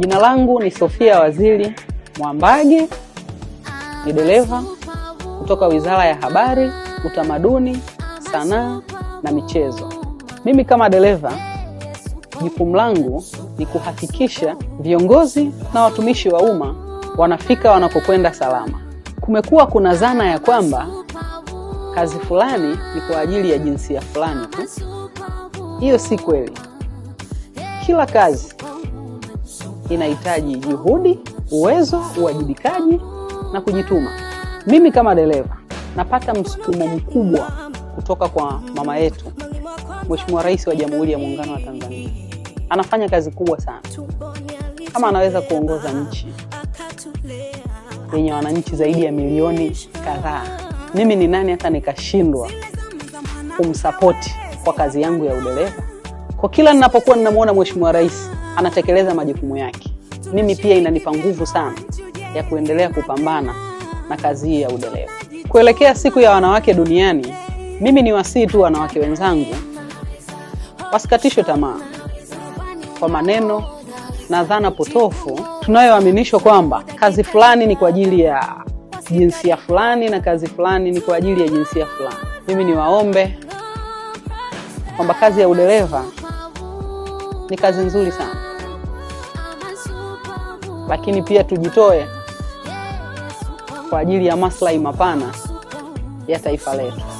Jina langu ni Sofia Waziri Mwambage, ni dereva kutoka Wizara ya Habari, Utamaduni, Sanaa na Michezo. Mimi kama dereva, jukumu langu ni kuhakikisha viongozi na watumishi wa umma wanafika wanakokwenda salama. Kumekuwa kuna zana ya kwamba kazi fulani ni kwa ajili ya jinsia fulani tu. Hiyo si kweli. Kila kazi inahitaji juhudi, uwezo, uwajibikaji na kujituma. Mimi kama dereva napata msukumo mkubwa kutoka kwa mama yetu Mheshimiwa Rais wa Jamhuri ya Muungano wa Tanzania. Anafanya kazi kubwa sana. Kama anaweza kuongoza nchi yenye wananchi zaidi ya milioni kadhaa, mimi ni nani hata nikashindwa kumsapoti kwa kazi yangu ya udereva? Kwa kila ninapokuwa ninamwona Mheshimiwa Rais anatekeleza majukumu yake, mimi pia inanipa nguvu sana ya kuendelea kupambana na kazi hii ya udereva. Kuelekea siku ya wanawake duniani, mimi ni wasii tu wanawake wenzangu wasikatishwe tamaa kwa maneno na dhana potofu tunayoaminishwa kwamba kazi fulani ni kwa ajili ya jinsia fulani na kazi fulani ni kwa ajili ya jinsia fulani. Mimi ni waombe kwamba kazi ya udereva ni kazi nzuri sana, lakini pia tujitoe kwa ajili ya maslahi mapana ya taifa letu.